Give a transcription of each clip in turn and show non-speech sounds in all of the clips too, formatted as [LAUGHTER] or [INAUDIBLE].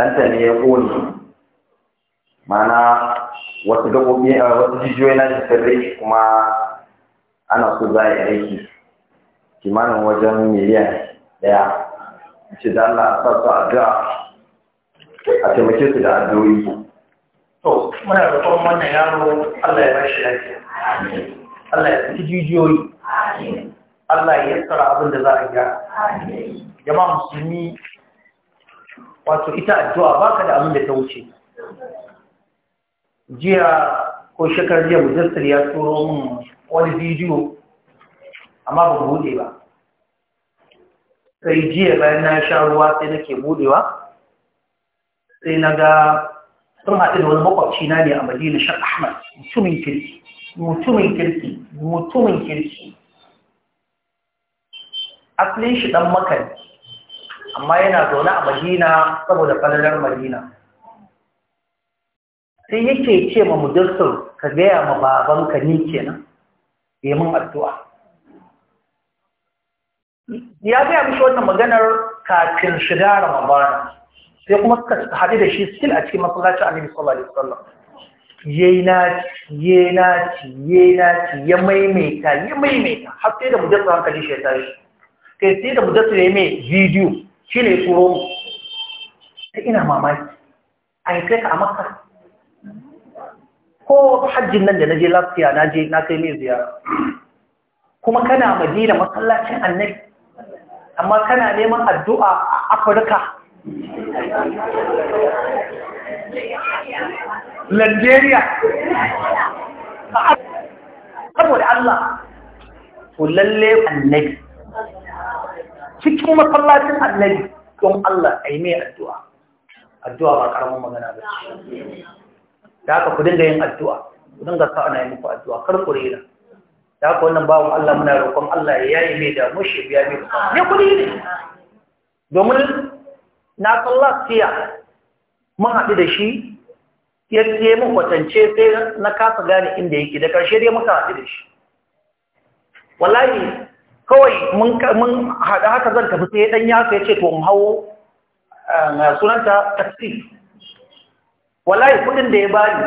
ɗanta ne ya ƙone mana wasu gaɓoɓi a wasu jijiyoyi na jikin rai kuma ana so za a yi aiki kimanin wajen miliyan ɗaya ce da Allah sa su addu'a a taimake su da addu'o'i to muna roƙon wannan yaro Allah ya bashi lafiya Allah ya saki jijiyoyi Allah ya yassara abin da za a gyara jama'a musulmi wato ita addu'a baka da abin da ta wuce jiya ko shekar jiya mujassar ya turo min wani bidiyo amma ba buɗe ba sai jiya bayan na sha ruwa sai nake buɗewa sai na ga sun haɗe da wani makwabci na ne a madina shan ahmad mutumin kirki mutumin kirki mutumin kirki asalin shi ɗan makarci amma yana zaune a madina saboda falalar madina sai yake ce ma mudassir ka gaya ma babanka ni kenan ya min addu'a ya gaya mishi wannan maganar kafin shiga ramadana sai kuma suka haɗu da shi still a cikin masallacin annabi sallallahu alaihi wasallam yayi naci yayi naci yayi naci ya maimaita ya maimaita har sai da mudassir hankali shi ya tashi kai sai da mudassir ya mai bidiyo shi ne turo ta ina mamaki a yi kai ka a maka ko hajjin nan da na je lafiya na je na kai mai ziyara kuma kana madina masallacin annabi amma kana neman addu'a a afirka Nigeria saboda Allah Ku lalle annabi cikin masallacin annabi don Allah a yi mai addu'a addu'a ba karamin magana ba da haka ku dinga yin addu'a ku dinga sa yi muku addu'a kar ku rera da haka wannan bawan Allah muna roƙon Allah ya yi mai da mushe biya mai ne kuɗi ne domin na kalla siya mun haɗu da shi ya ce mun kwatance sai na kasa gane inda yake da ƙarshe dai muka haɗu da shi wallahi kawai mun haɗa haka zan tafi sai ɗan yasa ya ce to in hau eh, sunanta taxi wallahi kudin da ya bani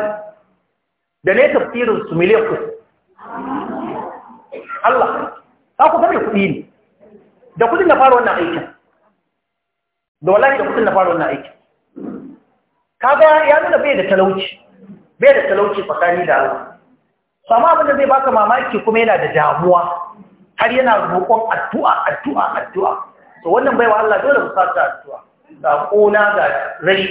da ne tafsirin su miliyan kudu Allah ta ku zama kudi ne da kudin na fara wannan aikin da wallahi da kudin na fara wannan aikin kaga ya nuna bai da talauci bai da talauci tsakani da Allah sama abin da zai baka mamaki kuma yana da damuwa har yana roƙon addu'a addu'a addu'a to wannan baiwa Allah dole mu sata addu'a da kona ga rai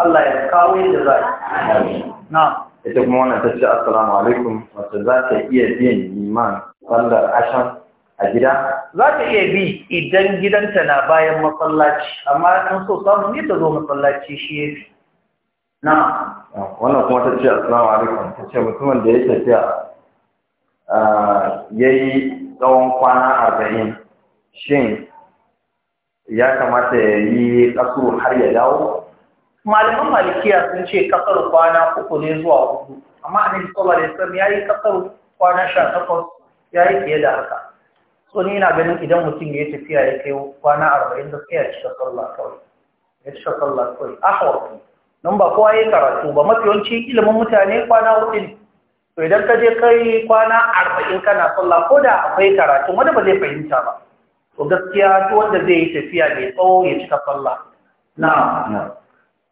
Allah ya kawo yadda za yi na ita kuma wannan ta ce assalamu alaikum wata za ta iya biyan liman sallar ashan a gida za ta iya bi idan gidanta na bayan masallaci amma an so samu ne ta zo masallaci shi ya fi na wannan kuma ta ce assalamu alaikum ta ce mutumin da ya tafiya ah, ya yi tsawon kwana arba'in shin ya kamata ya yi kasuru har ya dawo? Malaman malikiya sun ce ƙasar kwana uku ne zuwa uku, amma a nan da islam ya yi ƙasar kwana sha takwas ya yi fiye da haka. So ni na ganin idan mutum ya tafiya ya kai kwana arba'in da sai ya cika sallah Ya ci ƙasar lakawai, a Nan ba kowa ya yi karatu ba, mafi yawanci ilimin mutane kwana hudu ne. to idan ka je kai kwana arba'in kana sallah ko da akwai karatun wanda ba zai fahimta ba to gaskiya duk wanda zai yi tafiya mai tsawo ya cika sallah na'am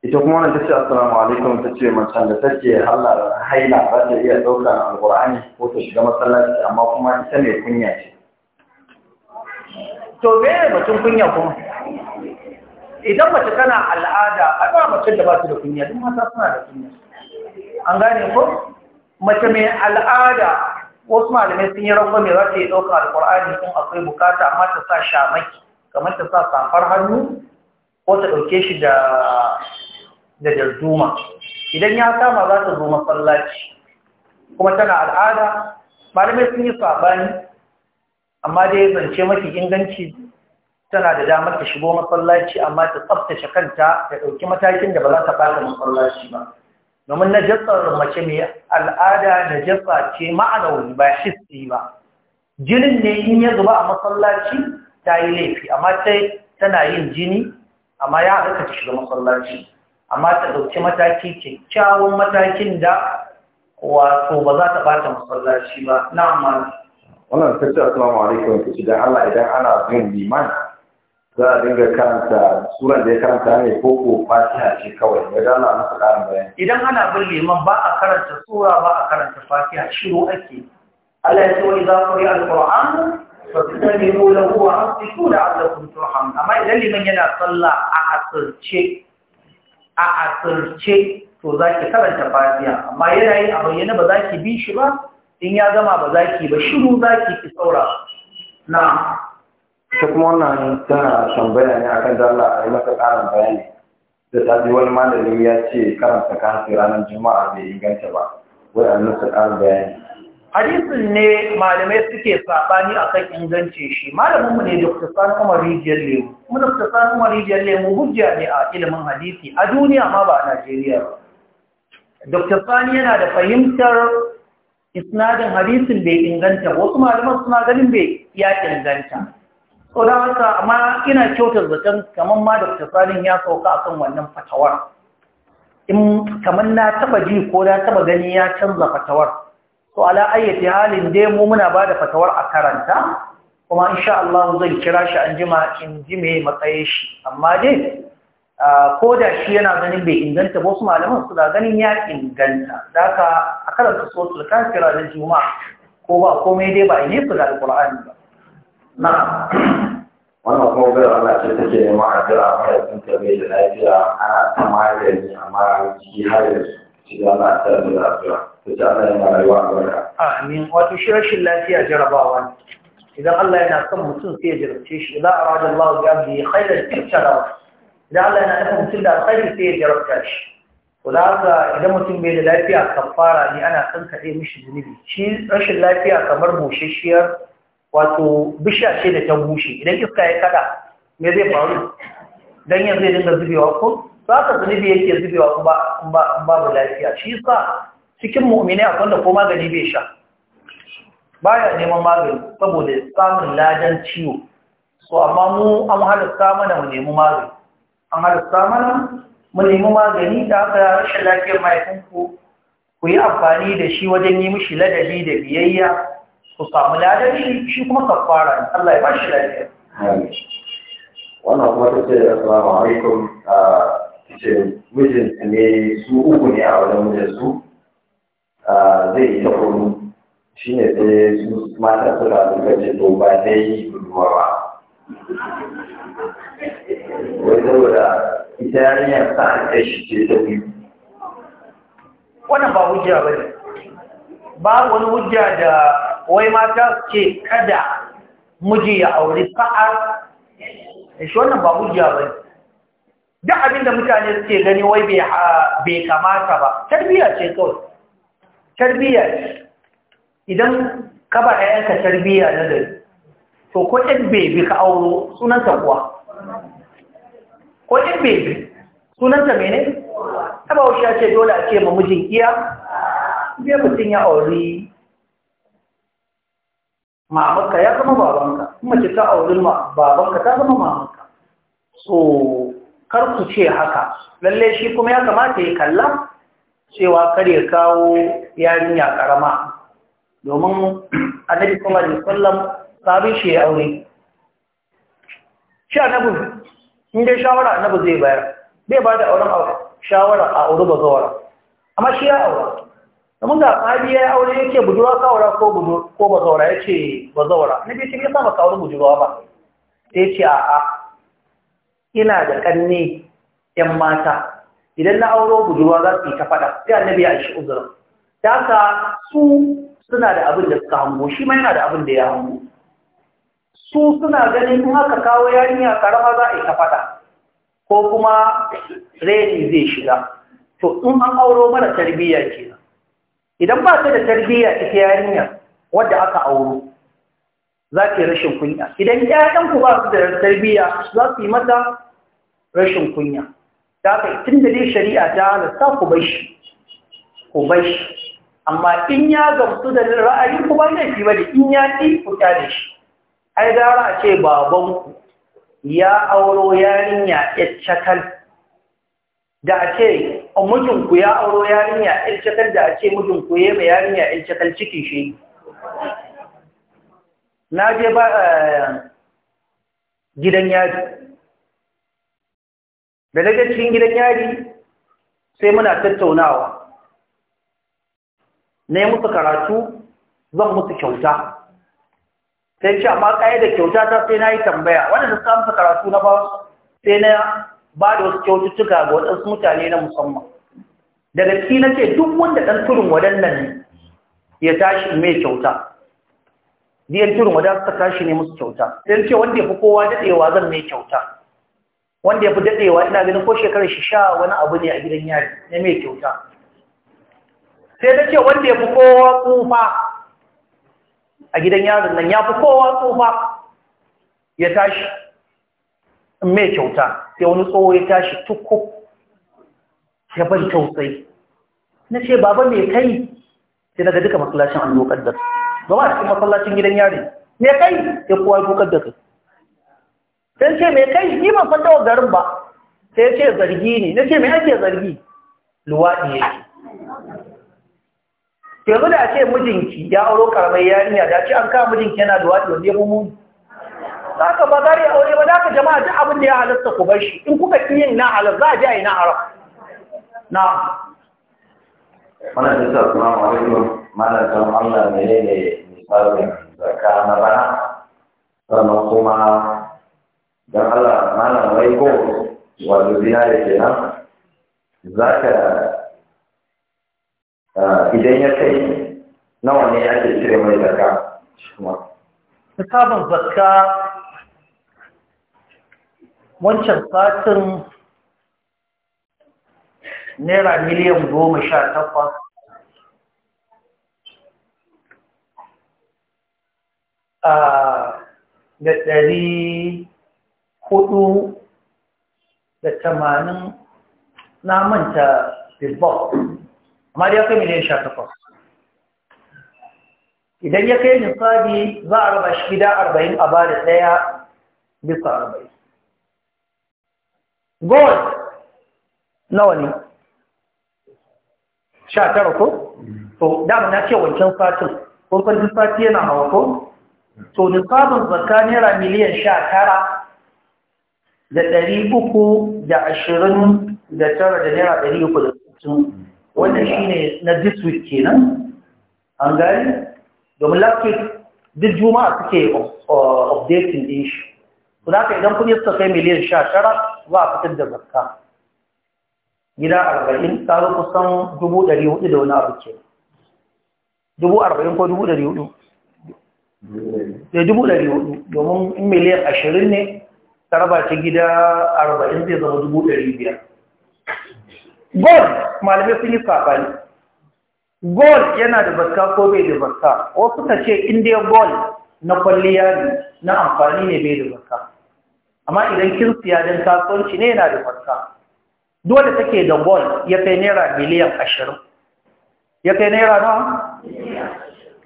ita kuma wannan tace assalamu alaikum tace macen da take Allah haila ba ta iya daukar alqur'ani ko ta shiga masallaci amma kuma ita ne kunya ce to me mutum kunya kuma idan mace kana al'ada a ana mace da ba ta da kunya duk mata suna da kunya an gane ko mace mai al'ada wasu malamai sun yi rabba mai za ta yi ɗauka alƙur'ani in akwai bukata amma ta sa shamaki kamar ta sa safar hannu ko ta ɗauke shi da jarduma idan ya kama za ta zo masallaci kuma tana al'ada malamai sun yi saɓani amma dai zance mafi inganci tana da damar ta shigo masallaci amma ta tsaftace kanta ta ɗauki matakin da ba za ta ɓata masallaci ba domin na najasar mace mai al'ada da najasa ce ma'anauni ba hissi ba jinin ne yin ya zuba a masallaci ta yi laifi amma sai tana yin jini amma ya haka ta shiga masallaci amma ta ɗauki mataki kyakkyawan matakin da wato ba za ta bata masallaci ba na amma wannan ta ce alaikum ta da Allah idan ana bin liman za a dinga karanta suran da ya karanta ne ko ko fatiha ce kawai ya a masa karin bayani idan ana bin liman ba a karanta sura ba a karanta fatiha shiru ake Allah ya ce wa idza quri'a al-qur'an fastami'u lahu wa ansitu la'allakum turhamun amma idan liman yana sallah a asirce a asirce to za ki karanta fatiha amma yana yi a bayyana ba za ki bi shi ba in ya gama ba za ki ba shiru za ki ki saura na ta kuma wannan tana tambaya ne akan da Allah a yi masa ƙarin bayani da ta ji wani malamin ya ce karanta kansu ranar juma'a bai inganta ba wai an masa ƙarin bayani hadisin ne malamai suke sabani a kan shi malamin mu ne dr san umar rijiyar lemu kuma dr san umar rijiyar lemu hujja ne a ilimin hadisi a duniya ma ba a najeriya ba dr sani yana da fahimtar isnadin hadisin bai inganta wasu malaman suna ganin bai ya inganta so da haka amma ina kyautar zaton kamar ma da tsarin ya sauka akan wannan fatawar in kamar na taba ji ko na taba gani ya canza fatawar to ala ayyati halin dai mu muna ba da fatawar a karanta kuma insha Allah zan kira shi an jima in ji me matsaye shi amma dai ko da shi yana ganin bai inganta wasu malaman su da ganin ya inganta da haka a karanta sosul kira da juma'a ko ba komai dai ba ne su da alqur'ani ba na wannan kuma bai ce take neman addu'a mahaifin ta bai da lafiya ana ta magani amma ciki har yanzu shi da Allah ta da lafiya to ana Allah yana rayuwa a barka amin wato shi rashin lafiya jarabawa ne idan Allah yana son mutum sai ya jarabce shi idan arada Allah ya bi da ibtara idan Allah yana son mutum da alkhairi sai ya jarabta shi to da haka idan mutum bai da lafiya kafara ne ana son kankaɗe mishi zunubi shi rashin lafiya kamar bushashiyar wato bishiya ce da ta bushe idan iska ya kada me zai faru ganyen zai dinga zubewa ko za ka zunubi yake zubewa ba babu lafiya shi sa cikin mu'mini a da ko magani bai sha Ba ya neman magani saboda samun ladan ciwo so amma mu an halitta mana mu nemi magani an halitta mana mu nemi magani da aka rashin lafiyar mahaifinku ku yi amfani da shi wajen yi mishi ladabi da biyayya ku samu ladari shi kuma Allah ya shi wannan kuma ta ce assalamu alaikum ah, a ce mijinta ne su uku ne a wajen su ah, zai yi ta kudu shi ne sai su mata suna duka ce to ba yi budurwa ba wai saboda ita yarinyar sa ta shi ce ta biyu wannan ba hujja ba ne ba wani hujja da wai mata ce kada miji ya auri fa'ar eh, shi wannan ba mujiya ba duk abin da mutane suke gani wai bai kamata ba tarbiya ce kawai tarbiya idan ka ba ɗayanka tarbiyya na gari to ko ɗin bebi ka auro sunanta kuwa ko ɗin bebi sunanta mene? taba wuce ya ce dole a ce mujin iya biya mutum ya auri mamanka ya zama babanka kuma ki ta auri babanka ta zama mamanka so kar ku ce haka lalle shi kuma ya kamata ya kalla cewa kar ya kawo yarinya karama domin [CLEARS THROAT] annabi kuma ne sallam sabin shi ya aure shi annabi in dai shawara annabi zai bayar bai ba da auren shawara a aure zuwa amma shi ya aure domin ga sahabi ya aure ce budurwa saura ko ba zaura ya ce ba zaura na shi ya saba kawar budurwa ba sai ce a'a ina da kanne yan mata idan na auro budurwa za su yi ta fada sai annabi ya shi uzurin ta ka su suna da abin da suka hango shi ma yana da abin da ya hango su suna ganin in haka kawo yarinya karama za a yi ta fada ko kuma reni zai shiga to in an auro mara tarbiyya ke idan ba ta da tarbiyya ita yarinya wadda aka auro za ta yi rashin kunya idan ƴaƴanku ba su da tarbiyya za su yi mata rashin kunya da haka tun da dai shari'a ta halatta ku bai shi ku bai shi amma in ya gamsu da ra'ayin ku ba laifi ba da in ya ƙi ku da shi ai gara a ce babanku ya auro yarinya ya cakal da a ce mutunku ya auro yarinya ilcakal da a ce mutunku ya mai yarinya ilcakal ciki shi na je ba eh, gidan yari da daga cikin gidan yari sai muna tattaunawa na yi musu karatu zan musu kyauta sai ce amma ƙaya da kyauta ta sai na yi tambaya waɗanda samun karatu na ba sai na ba da wasu kyaututtuka ga waɗansu mutane na musamman daga ciki na ce duk wanda ɗan turin waɗannan ya tashi mai kyauta biyan turin waɗansu suka tashi ne musu kyauta sai ce wanda ya fi kowa daɗewa zan mai kyauta wanda ya fi daɗewa ina ganin ko shekarar shi sha wani abu ne a gidan yari na mai kyauta sai ta ce wanda ya fi kowa tsufa a gidan yarin nan ya fi kowa tsufa ya tashi mai kyauta sai wani tsoho ya tashi tukku ya ban tausayi na ce baba mai kai sai daga duka masallacin an dokar da ba ba cikin masallacin gidan yari mai kai ya kowa ya kukar da su sai ce mai kai ni ban fata wa garin ba sai ya ce zargi ne na ce mai ake zargi luwaɗi ya ce yanzu da ce mijinki ya auro karamai yarinya da ce an kama mijinki yana luwaɗi wanda ya mu. haka bazari a yi aure ba za ka jama'a duk abin da ya halatta ku bar shi in kuka fi yin na halar za a ji a yi na haram na mana jisa kuma mana malakan allah ne ne ne misalin zaka na bana sannan kuma don allah mana wai ko wato zinare ke nan za ka idan ya kai nawa ne ake cire mai zaka kuma misalin zakka wancan satin naira miliyan goma sha takwas ah, da ɗari hudu da tamanin na manta bilbao amma da ya kai miliyan sha takwas idan ya kai nisabi za a raba shi gida arba'in a ba da ɗaya bisa arba'in gold nawa ne sha tara ko? to dama na ce wancan fatin kurkun duk fati yana hawa ko? to nisabin zakka naira miliyan sha tara da ɗari uku da ashirin da tara da naira ɗari uku da sittin wanda shi ne na this week kenan an gari domin last week duk juma'a suke uh, updating din shi ku ka idan kuɗi suka kai miliyan sha tara zuwa a fitar da zakka gida arba'in ta zo kusan dubu ɗari hudu da wani abu ke dubu arba'in ko dubu ɗari hudu da eh, dubu ɗari hudu domin in miliyan ashirin ne ta raba ta gida arba'in zai zama dubu ɗari biyar gol malamai sun yi safani gol yana da zakka ko bai da zakka wasu ka ce in dai gol na kwalliya ne na amfani ne bai da zakka amma idan kirsiya don kasuwanci ne yana da farka dole take da gold ya kai naira miliyan ashirin ya kai naira na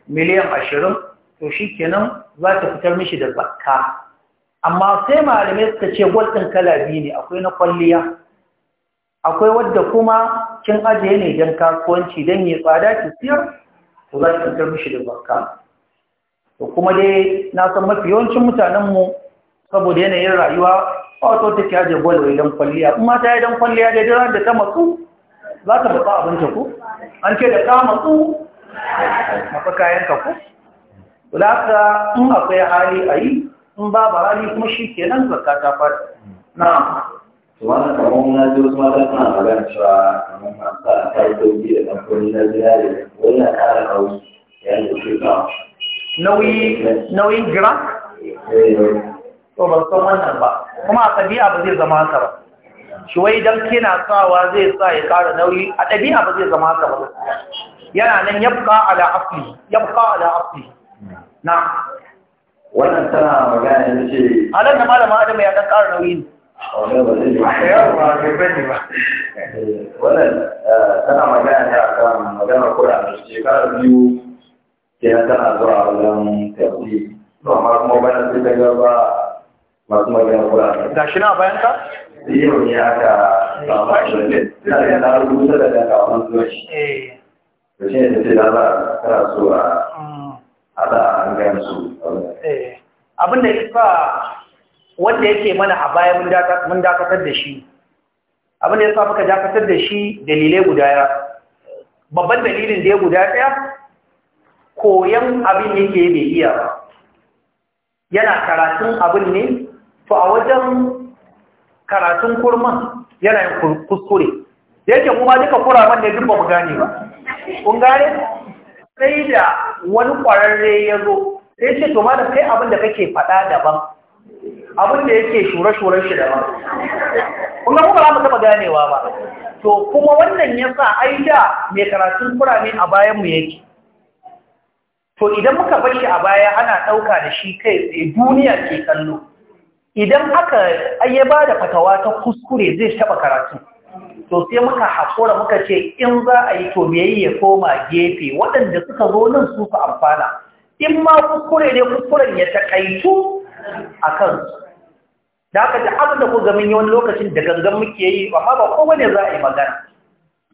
miliyan ashirin to shi kenan za ta fitar mishi da zakka amma sai malamai suka ce gold ɗin kala biyu ne akwai na kwalliya akwai wadda kuma kin ajiye ne don kasuwanci don yi tsada ki siyar to za ta fitar mishi da zakka to kuma dai na san mafi yawancin mutanenmu saboda yanayin rayuwa ba wata take ajiye gwal idan kwalliya kuma ta yi don kwalliya da jiran da ta matsu za ta matsa abinta ku an ce da ta matsu mafi ka ku wulaka in akwai hali a yi in ba ba hali kuma shi ke nan zaka ta fata na wani kamar na ji wasu mata suna magana cewa kamar masu a kai sauki da kamfani na gida da wani na kara nauyi yayin da ke nauyi nauyin gira? Eh, to ba san wannan ba kuma a ɗabi'a ba zai zama haka ba shi wai kina sawa zai sa ya ƙara nauyi a ɗabi'a ba zai zama haka ba yana nan yabqa ala asli yabqa ala asli na wannan tana magana ne ce nan da malama adam ya ɗan ƙara nauyi wannan eh, tana magana ne akan magana kura shekara biyu kenan tana zuwa wajen tafi to amma kuma bana sai ta gaba masu magana kura ga shi na bayan ka yau ne aka samu shirin da ya na rubuta da daga wannan zuwaci da eh. shi ne ta ce da za a kara so a mm. haɗa an gaya su eh. abin da isa wanda yake mana a baya mun dakatar da shi abin da ya sa muka dakatar da shi dalilai guda ya babban dalilin da ya guda ɗaya koyan abin yake mai iya ba yana karatun abin ne to a wajen karatun kurman yana yin kuskure yake kuma duka kuraman ne duk ba mu gane ba kun gane sai da wani ƙwararre ya zo sai ce to malam kai abin da kake faɗa daban abin da yake shure-shuren shi daban kun ga kuma ba mu ganewa ba to kuma wannan ya sa ai da me karatun kurame a bayan mu yake to idan muka bari a baya ana ɗauka da shi kai tsaye duniya ke kallo idan aka ya ba da fatawa ta kuskure zai taba karatu to sai muka haƙura muka ce in za a yi to yayi ya koma gefe waɗanda suka zo nan su su amfana in ma kuskure ne kuskuren ya takaitu a kansu da aka ji abin da ku yawan lokacin da gangan muke yi amma ba kowa ne za a yi magana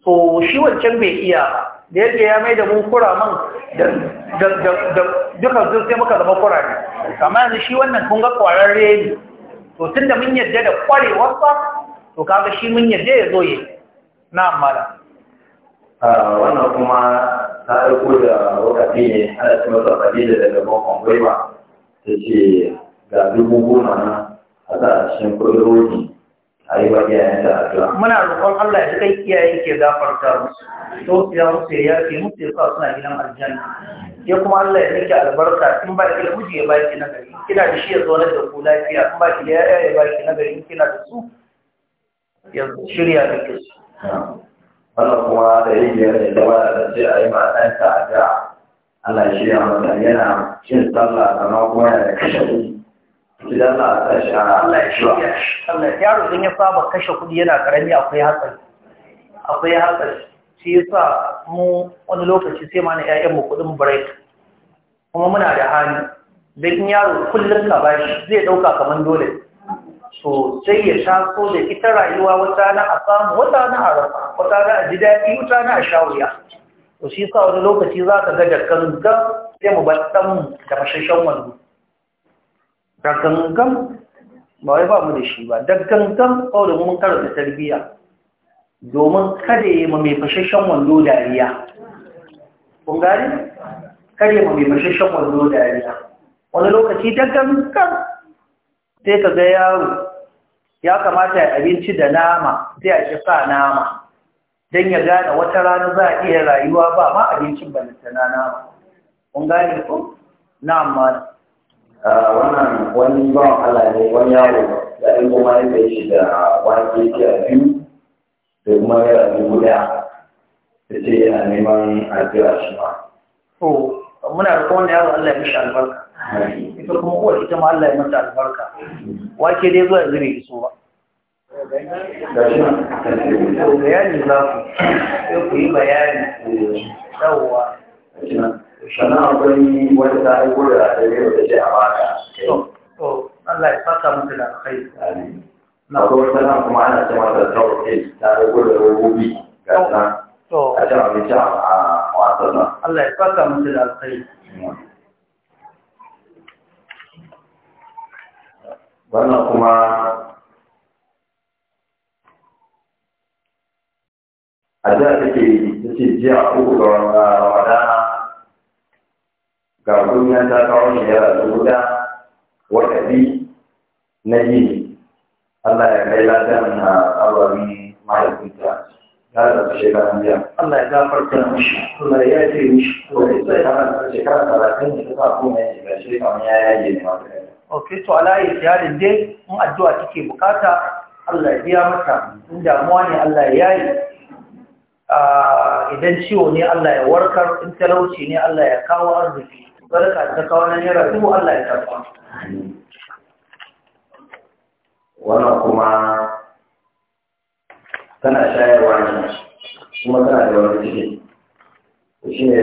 To shi wancan bai iya da yadda ya mai da kura man da duka sai muka zama kura ne, amma yanzu shi wannan kun ga kwararre ne to tun da mun yarda da kwarewarsa to kaga shi mun yarda ya zo yi na amala ah, wannan kuma ta aiko da wakati ne ana wasu masa kabila daga bakon gwaiwa ta ce ga dubu goma na a sa shi muna roƙon Allah ya ji kai kiyaye ke gafarta musu to ya wuce ya yafe musu ya sa suna gidan aljanna ya kuma Allah ya nake albarka in ba ki da miji ya baki na gari kina da shi ya zo da ku lafiya in ba ki da yaya ya baki na gari kina da su ya shirya da ke su wannan kuma da yin biyar da gaba da ce a yi ma ɗan ta'ada Allah ya shirya masa yana cin sallah amma kuma yana da kashe kuɗi idan za a tashi Allah ya shirya Allah yaro in ya saba kashe kuɗi yana karami akwai hatsari akwai hatsari shi yasa mu wani lokaci sai ma na ƴaƴan mu kuɗin break kuma muna da hali dan yaro kullum ka bashi zai ɗauka kamar dole So sai ya taso da ita rayuwa wata na a samu wata na a rasa wata na a ji daɗi wata na a sha wuya to shi sa wani lokaci za ka ga da gangan sai mu bar ɗanmu da mashashen wando da gangan ba wai ba mu da shi ba da gangan kawai mun karanta tarbiyya domin kada yi ma mai fashashen wando dariya kun gani kada yi ma mai fashashen wando dariya wani lokaci da gangan sai ka ga yaro ya kamata ya abinci da nama sai a ci sa nama don ya gane wata rana za a iya rayuwa ba ma abincin ba na nama. Kun gane ko? Na amma Ah, wannan wani ba Allah ne wani yaro da ɗan kuma ya kai shi da wani ke a biyu da kuma ya dubu ɗaya da ce yana neman addu'a shi ma. To, muna da kowane yaro Allah ya mishi albarka. Ita kuma kowa ita ma Allah ya mata albarka. Wake dai zuwa yanzu bai iso ba. Bayani za ku, sai ku yi bayani. Yawwa. sannan akwai wata ta aiko da yi da ce a baka Allah ya saka mata da kai na kuma wata kuma ana ce mata tawar kai ta aiko da robobi ga nan a can abinci a wasan nan Allah ya saka mata da kai wannan kuma a da take ta ce jiya uku ga ramadana ga kunya ta kawo shi yara da bi na yi. Allah ya kai ladan Na abarin mahaifinta ya da shekara biya Allah ya gafarta mishi Allah ya ce mishi Allah ya da hana shekara talatin da ta sa kuma ya shiga shi kamar ya yi ne mata ok to ala ya yarin dai in addu'a ke bukata Allah ya biya mata in damuwa ne Allah ya yi. Ah, idan ciwo ne Allah ya warkar in talauci ne Allah ya kawo arziki sadaka ta kawo nan ya rasu Allah ya karɓa wannan kuma tana shayarwa ne kuma tana da wani ciki shi ne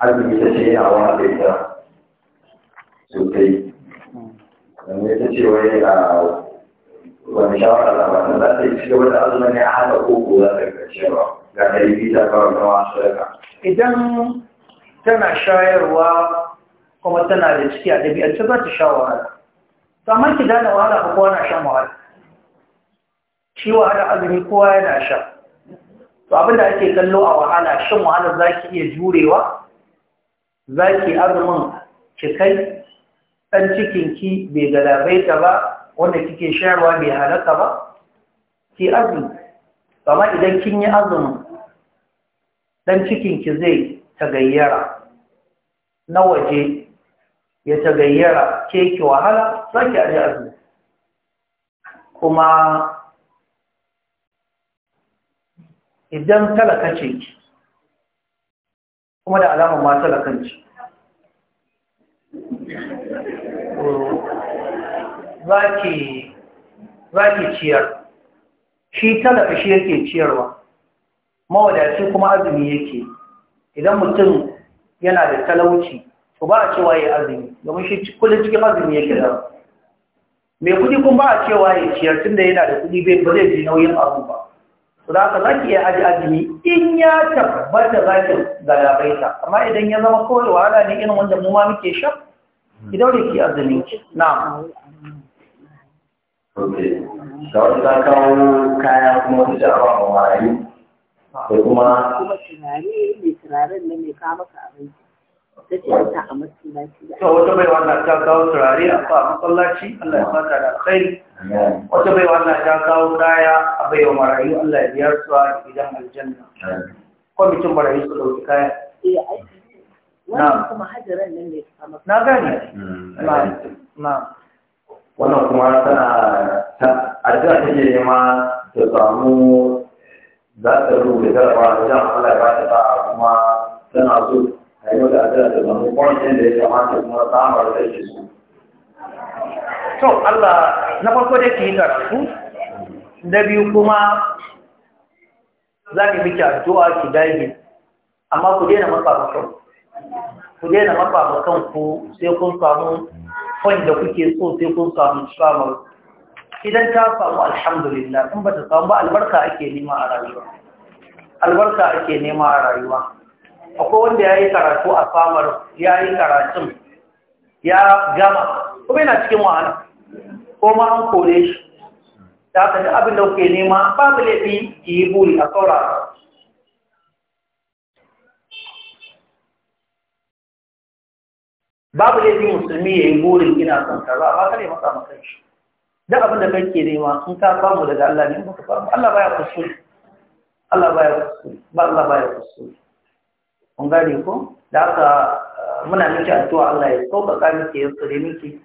azumi ta ce yana wani da ita sosai domin ta ce wai a wani shawara da ba za ta yi ci gaba da azumi ne a haka koko za ta karshe ba ga ɗari biyu ta kawo na wasu daga idan tana shayarwa kuma tana da ciki a ɗabi'arci za ta sha wahala amma ki dana wahala ba kowa na shan wahala shi wahala azumi kowa yana sha to da ake kallo a wahala shan wahala za ki iya jurewa za ki azumin cikai ɗan cikinki bai galabaita ba wanda kike shayarwa bai halaka ba ki azumi amma idan kin yi azumin ɗan cikinki zai ta gayyara. na waje ya tagayyara ke ki wahala za ki aji azumi kuma idan talaka ce ki kuma da alamun ma talakan ce za ki ciyar shi talaka shi yake ciyarwa mawadaci kuma azumi yake idan mutum yana da talauci ko ba a cewa ya azumi domin shi kullum cikin azumi yake da mai kudi kun ba a cewa ya ciyar tun da yana da kudi bai ba zai ji nauyin abu ba to da aka zaki iya aji azumi in ya tabbata zaki galabaita amma idan ya zama kawai wahala ne irin wanda mu ma muke sha ki daure ki azumi na ga wasu ta kawo kaya kuma su ja a marayu da kuma kuma tunani mai turaren da mai kama ka abinci ta ce a to wata bai wannan ta kawo turare a sa masallaci Allah ya fata da alkhairi wata bai wannan ta kawo kaya a bai wa marayu Allah ya biyar su a gidan aljanna kwamitin marayu su ɗauki kaya eh, wannan kuma hajjaran nan ne na gani mm, na wannan kuma tana addu'a take nema ta samu za ta rubuta jarabawa da jan Allah ya ba ta kuma tana so a yi mata addu'a da maimakon ɗin da ya kamata kuma samar da shi su. Allah na farko da ke yi karatu, na biyu kuma za ki miki addu'a ki dage, amma ku daina matsa kan ku daina matsa kan ku sai kun samu kwan da kuke so sai kun samu samar. Idan ta samu alhamdulillah, in ba ta samu ba albarka ake nema a rayuwa. Albarka ake nema a rayuwa. akwai wanda ya yi karatu a famar ya yi karatun ya gama kuma yana cikin wahala ko ma an kore shi ta kaji abin da kuke nema babu laifi ki yi buri a saurara babu laifi musulmi ya yi burin ina son kaza ba kare masa kai shi duk abin da kake nema sun ka samu daga Allah ne ba ka samu Allah baya kusuri Allah baya kusuri ba Allah baya kusuri kun gane ko da aka, eh, muna miki addu'a Allah ya sauƙaƙa miki ya tsare miki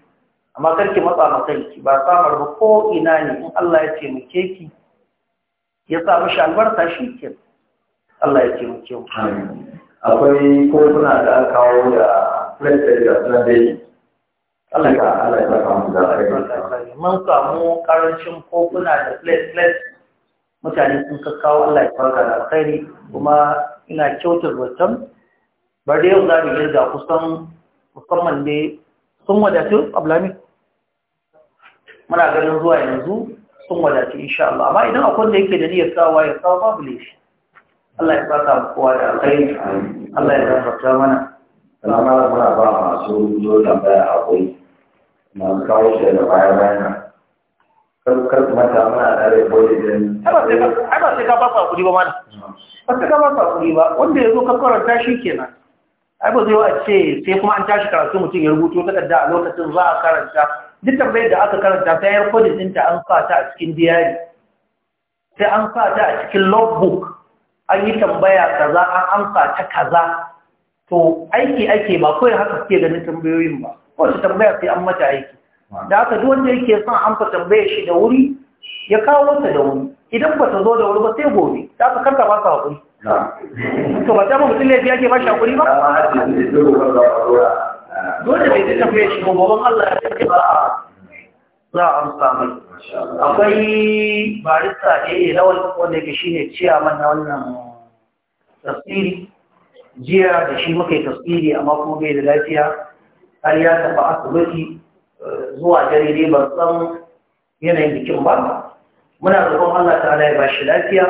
amma karki matsa ma kanki ba samar ba ko ina ne in Allah ya ce muke ki ya sa mishi albarka shi ke Allah ya ce muke mu akwai ko kuna da kawo da plate da suna dai Allah Allah ya saka mu da alheri mun samu karancin kofuna da plate plate mutane sun kakkawo Allah ya farka da alkhairi kuma ina kyautar zaton bari yau za mu da kusan musamman ne sun wadatu ablami muna ganin zuwa yanzu sun wadatu insha Allah amma idan akwai da yake da niyyar sawa ya sawa babu laifi Allah ya saka mu kowa da alkhairi Allah ya gafarta mana sannan muna ba masu zo bayan akwai na kawo shi da baya bayan kar kuma ta ba sai ka ba ka kudi ba mana ba ka ba ba wanda yazo ka karanta shi kenan ai ba zai ce sai kuma an tashi karatu mutum ya rubuto takarda a lokacin za a karanta duk tambayar da aka karanta ta yar kodin ɗinta an sa ta a cikin diyari sai an sa ta a cikin logbook an yi tambaya kaza an amsa ta kaza to aiki ake ba kawai haka suke ganin tambayoyin ba kowace tambaya sai an mata aiki da aka duk wanda yake son an fa tambaye shi da wuri ya kawo ta da wuri idan ba ta zo da wuri ba sai gobe da aka karka ba su hakuri to ba ta ba mutum laifi ke ba shi hakuri ba dole bai ta tambaye shi gobe Allah ya ce ba za a amsa mai akwai barista ɗaya lawal wanda yake shi ne ciyaman na wannan tasiri jiya da shi muka yi tasiri amma kuma bai da lafiya har ya tafi asibiti zuwa dare dai ban san yanayin bikin ba muna roƙon Allah ta'ala ya bashi lafiya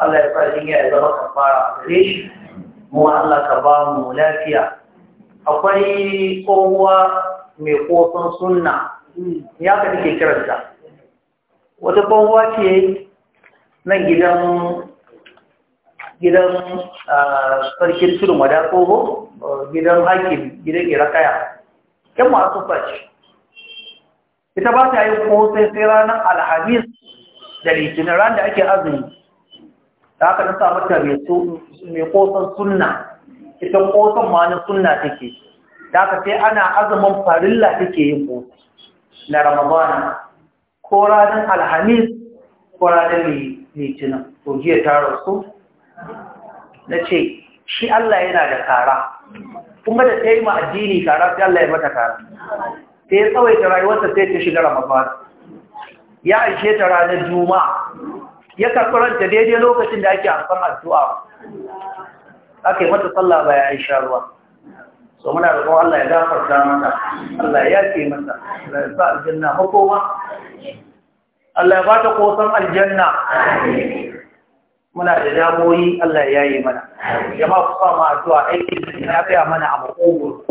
Allah ya fara jiniya ya zama kafara a gare shi mu Allah ka ba mu lafiya akwai kowa mai kofin sunna ya ka take kiranta wata kowa ce nan gidan gidan sarkin tudun wada kogo gidan hakim gidan irakaya yan masu fashi ita ba ta yi kosai sai ranar alhamis da litinin ran da ake azumi da haka nasa samu mai kosan sunna ita kosan ma na sunna take da haka sai ana azumin farilla take yi kosa na ramadana ko ranar alhamis ko ranar litinin to jiya ta rasu na ce shi Allah yana da kara kuma da ta yi ma addini kara sai Allah ya mata kara sai ya tsawaita rayuwarsa sai ta shiga ramadan ya ishe ta ranar juma'a ya karɓaranta daidai lokacin da ake amfan addu'a aka yi mata sallah ba ya yi sharuwa so muna da kuma Allah ya gafarta mata Allah ya ke mata da ya sa aljanna makoma Allah ya ba ta kosan aljanna muna da damoyi Allah ya yi mana jama'a ku sa ma addu'a aikin da ya tsaya mana a makogoro